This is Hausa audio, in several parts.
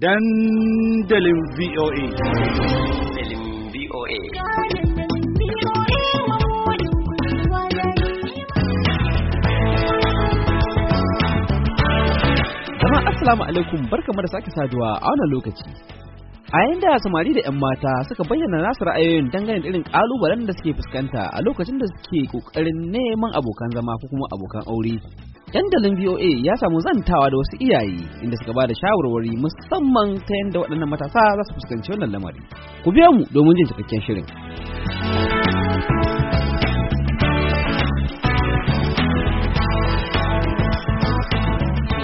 dandalin VOA. Dandalin VOA. Assalamu alaikum barkamu da sake saduwa a wannan lokaci. A da samari da 'yan mata suka bayyana nasu ra'ayoyin dangane da irin ƙalubalen da suke fuskanta a lokacin da suke ƙoƙarin neman abokan zama ko kuma abokan aure. dandalin VOA ya samu zantawa da wasu iyaye inda suka ba da shawarwari musamman ta yadda waɗannan matasa za su fuskanci wannan lamari. Ku biya mu domin jin cikakken shirin.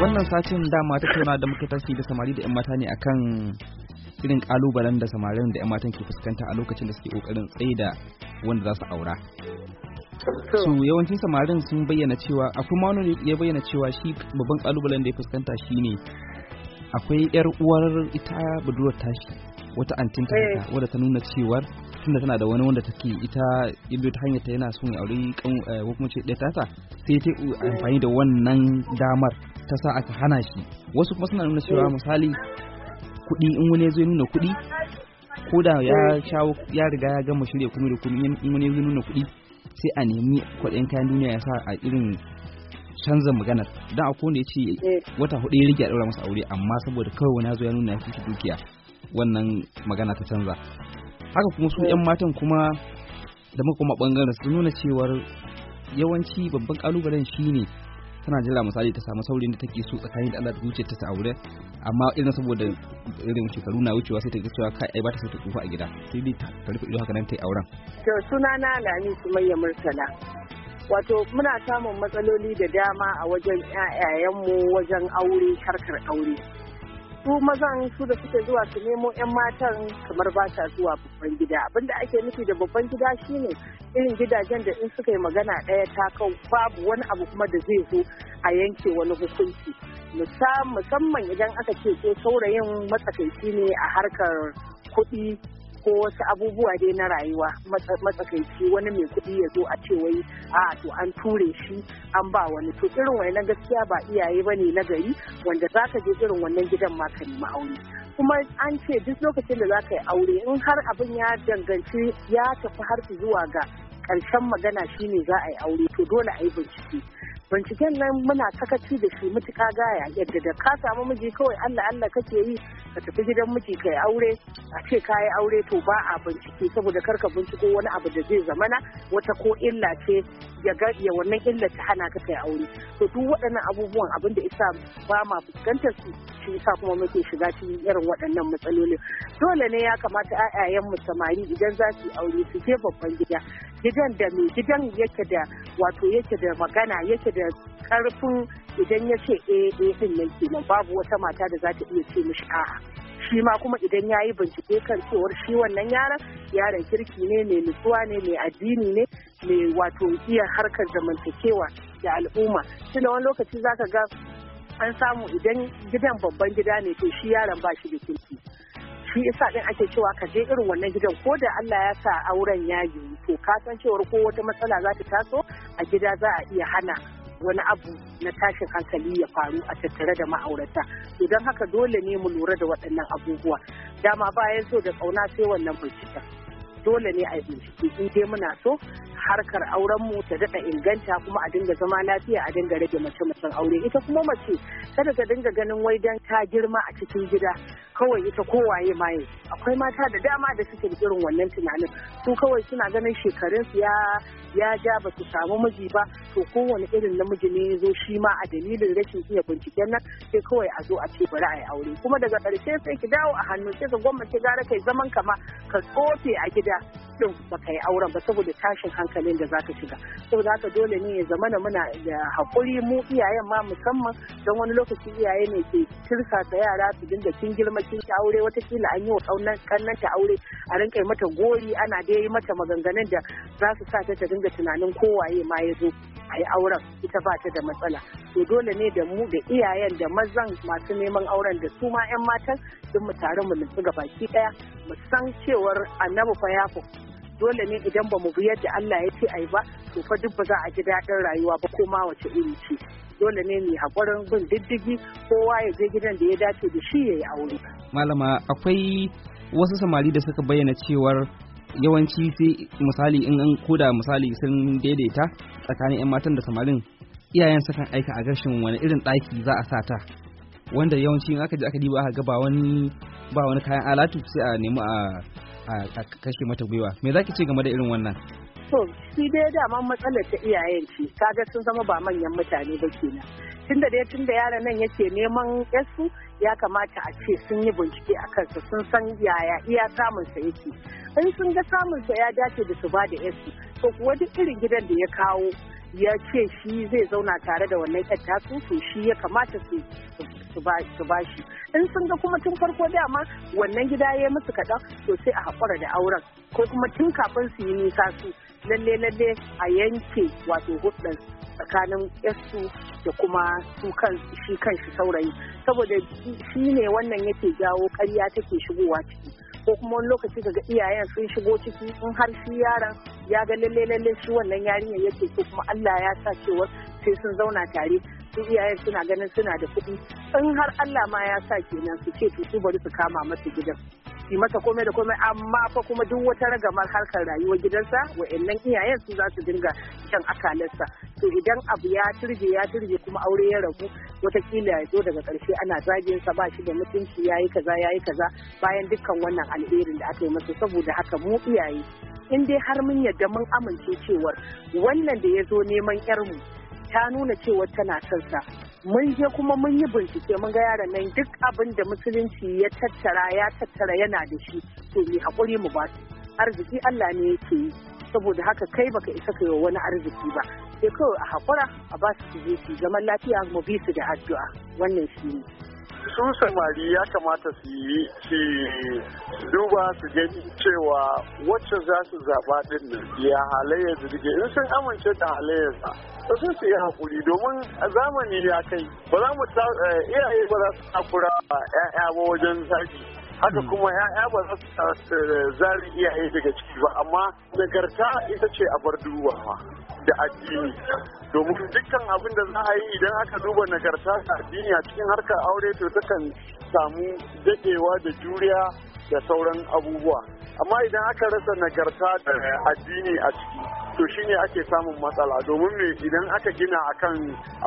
Wannan satin dama tauna da muka tasiri da samari da 'yan mata ne akan irin kalubalen da samarin da 'yan matan ke fuskanta a lokacin da suke kokarin tsaida wanda za su aura so yawancin samarin sun bayyana cewa akwai ma ya bayyana cewa shi babban kalubalen da ya fuskanta shi ne akwai yar uwar ita budurwar tashi wata antin ta eh. wadda ta nuna cewar tunda tana da wani wanda take ita ido ta hanyar ta yana son ya aure eh, ko kuma ce ɗaya tata sai ta eh. amfani da wannan damar ta sa aka hana shi wasu kuma suna nuna cewa misali kuɗi in wani zai nuna kuɗi ko da ya shawo ya riga ya gama shirya kuma da kuma in wani zai nuna kuɗi sai a nemi kwaɗayin kayan duniya ya sa a irin canza magana dan a kone ya ce eh. wata hudu ya rage a ɗaura masa aure amma saboda kawai wani zo ya nuna ya fi dukiya wannan magana ta canza haka kuma su 'yan eh. matan kuma da muka bangaren su nuna cewar yawanci babban kalubalen shine tana jira misali ta samu saurin da take so tsakanin da Allah da zuciyar ta aure amma irin saboda irin shekaru na wucewa sai ta ga cewa kai ai ba ta so ta tsufa a gida sai dai ta rufe ido haka nan ta yi auren to sunana Lami Sumayya Murtala wato muna samun matsaloli da dama a wajen mu wajen aure karkar aure su mazan su da suke zuwa su nemo 'yan matan kamar ba ta zuwa babban gida abinda ake nufi da babban gida shine irin gidajen da in suka yi magana ɗaya ta kau babu wani abu kuma da zai zo a yanke wani hukunci musamman idan aka ce ko saurayin matsakaici ne a harkar kuɗi ko wasu abubuwa dai na rayuwa matsakaici wani mai kuɗi ya zo a ce wai a to an ture shi an ba wani to irin na gaskiya ba iyaye ba ne na gari wanda za ka je irin wannan gidan ma ka nemi aure kuma an ce duk lokacin da za ka yi aure in har abin ya danganci ya tafi har zuwa ga ƙarshen magana shine za a yi aure to dole a yi bincike binciken nan muna sakaci da shi mutuka gaya yadda da ka samu miji kawai allah allah kake yi ka tafi gidan miji kai aure a ce ka yi aure to ba a bincike saboda kar ka binciko wani abu da zai zamana wata ko illa ce ya ga ya wannan illa ta hana ka kai aure to duk waɗannan abubuwan abin da isa ba ma fuskantar su shi yasa kuma muke shiga cikin irin waɗannan matsaloli dole ne ya kamata ayayen mu samari idan za su aure su je babban gida gidan da mai gidan yake da wato yake da magana yake da karfin idan ya ce eh eh din nan kenan babu wata mata da za ta iya ce mishi a'a shi ma kuma idan ya yi bincike kan cewar shi wannan yaran yaran kirki ne mai nutsuwa ne mai addini ne mai wato iya harkar zamantakewa da al'umma tunda wani lokaci zaka ga an samu idan gidan babban gida ne to shi yaron ba shi da kirki shi isa din ake cewa ka je irin wannan gidan ko da Allah ya sa auren ya yiwu to ka san cewar ko wata matsala za ta taso a gida za a iya hana wani abu na tashin hankali ya faru a tattare da ma'aurata idan haka dole ne mu lura da waɗannan abubuwa dama bayan so da ƙauna sai wannan bincika dole ne a bincike in dai muna so harkar auren mu ta daɗa inganta kuma a dinga zama lafiya a dinga rage mace macen aure ita kuma mace kada ta dinga ganin wai dan ta girma a cikin gida kawai ita kowaye maye akwai mata da dama da suke da irin wannan tunanin su kawai suna ganin shekarun su ya ya ja ba su samu miji ba to kowane irin namiji ne zo shi ma a dalilin rashin iya binciken nan sai kawai a zo a ce bari a yi aure kuma daga ƙarshe sai ki dawo a hannu sai ka gwamnati gara kai zaman kama ka tsofe a gida din baka yi auren ba saboda tashin hankalin da zaka shiga saboda haka dole ne ya zama na muna da haƙuri mu iyayen ma musamman don wani lokaci iyaye ne ke tirsa ta yara su dinga kin girma kin aure watakila an yi wa kaunan kannan ta aure a rinka mata gori ana da yi mata maganganun da za su sa ta ta dinga tunanin kowaye ma ya zo a yi auren ita ba ta da matsala to dole ne da mu da iyayen da mazan masu neman auren da su ma 'yan matan sun mu tare mu nufi baki ɗaya. mu san cewar annabi fa ya dole ne idan ba mu bi yadda Allah ya ce ai ba to fa duk ba za a ji daɗin rayuwa ba ko ma wace iri ce dole ne mu hakurin bin diddigi kowa ya je gidan da ya dace da shi yayi aure. Malama akwai wasu samari da suka bayyana cewar yawanci sai misali in an koda misali sun daidaita tsakanin 'yan matan da samarin iyayen sukan aika a gashin wani irin ɗaki za a sa ta wanda yawanci in aka je aka diba aka ga ba wani ba wani kayan alatu sai a nemi a kashe mata gwiwa me zaki ce game da irin wannan to shi dai daman matsalar ta iyayen ce kaga sun zama ba manyan mutane ba kenan tunda dai tunda yaran nan yake neman yasu ya kamata a ce sun yi bincike a kansa sun san yaya iya samunsa yake in sun ga samunsa ya dace da su ba da yasu to kuwa duk irin gidan da ya kawo ya ce shi zai zauna tare da wannan yar tasu to shi ya kamata su su ba shi in sun ga kuma tun farko dama wannan gida ya musu kaɗan to sai a haƙura da auren ko kuma tun kafin su yi nisa su lalle lalle a yanke wato hudun tsakanin yasu da kuma su kan shi kan shi saurayi saboda shi ne wannan yake jawo ƙarya take shigowa ciki ko kuma wani lokaci daga iyayen sun shigo ciki in har shi yaron ya ga lalle lalle shi wannan yarinyar yake ko kuma Allah ya sa cewa sai sun zauna tare su iyaye suna ganin suna da kuɗi in har Allah ma ya sa kenan su ce su bari su kama masa gidan yi masa komai da komai amma fa kuma duk wata ragamar harkar rayuwar gidansa wa'annan iyayen su za su dinga shan akalarsa to idan abu ya turje ya turje kuma aure ya rabu watakila ya zo daga karshe ana zagin sa ba shi da mutunci ya yi kaza ya yi kaza bayan dukkan wannan alherin da aka yi masa saboda haka mu iyaye in dai har mun yarda mun amince cewar wannan da ya zo neman 'yarmu ta nuna cewa tana son sa mun je kuma mun yi bincike mun ga yaron nan duk abin da musulunci ya tattara ya tattara yana da shi to mai hakuri mu ba su arziki Allah ne yake yi saboda haka kai baka isa ka yi wani arziki ba sai kawai a hakura a ba su su su zaman lafiya mu bi su da addu'a wannan shi ne su samari ya kamata su yi su duba su gani cewa wacce za su zaɓa ɗin nan ya halayya jirgin in sun amince da halayyarsa ba sun su yi hakuri domin a zamani ya kai ba za mu eh, iyaye ba za su takura 'ya'ya ba wajen zaki haka hmm. kuma ya'ya ba za su zari iyaye daga ciki ba amma nagarta ita ce a bar dubawa da addini domin dukkan abin da za a yi idan aka duba nagarta da addini a cikin harkar aure to takan samu dadewa da juriya da sauran abubuwa amma idan aka rasa nagarta da addini a ciki to shine ake samun matsala domin me idan aka gina akan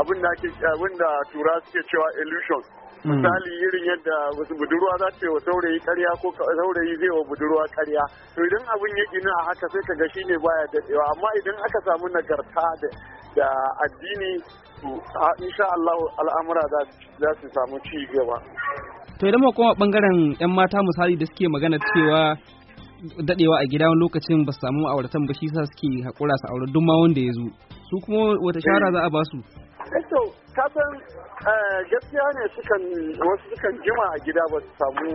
abin da ake abin da tura suke cewa illusion Mm. misali irin yadda wasu budurwa za ta yi wa saurayi karya ko saurayi zai wa budurwa karya to idan abin ya gina a haka sai ka ga shine baya daɗewa amma idan aka samu nagarta da addini to insha Allah al'amura za su samu ci gaba to idan ma kuma bangaren yan mata misali da suke magana cewa daɗewa a gida lokacin ba su samu auratan ba shi sa suke haƙura su aure duk ma wanda ya zo su kuma wata shara eh. za a ba su Eto, eh kasan eh, gaskiya ne sukan wasu sukan jima a gida ba su samu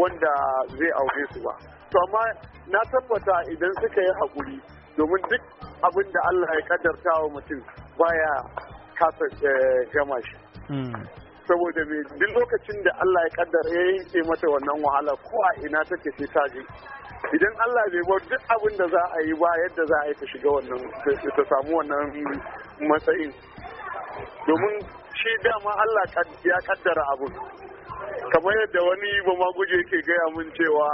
wanda zai aure su ba. To amma na tabbata idan suka yi haƙuri domin duk abin da Allah ya kaddarta wa mutum baya kasa eh, gama shi. Hmm. Saboda me duk lokacin da Allah ya kaddara ya yanke mata wannan wahala ko a ina take sai ta je. idan Allah bai bar duk abin da za a yi ba yadda za a yi ta shiga wannan ta samu wannan matsayin domin shi dama Allah ya kaddara abu kamar yadda wani ba ma guje yake gaya mun cewa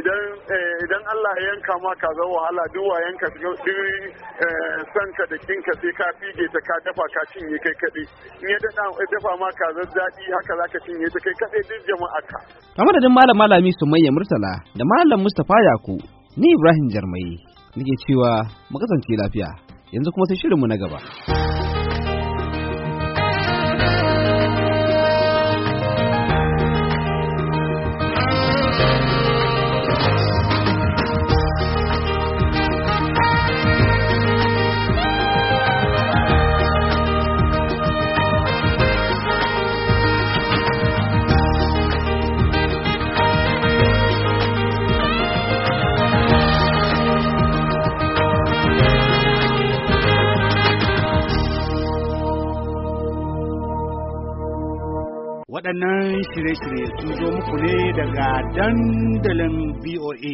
idan eh, Allah ya yanka ma ka wahala duk wa yanka eh, sanka da kinka sai ka fige ta ka dafa ka cinye kai kaɗai in ya dafa ma ka zan haka za ka cinye ta kai kaɗai duk jama'a ka. a madadin malam malami sumayya murtala da malam mustapha yaku ni ibrahim jarmai nake cewa mu kasance lafiya yanzu kuma sai shirinmu na gaba. waɗannan shirye-shirye sun zo muku ne daga dandalin VOA.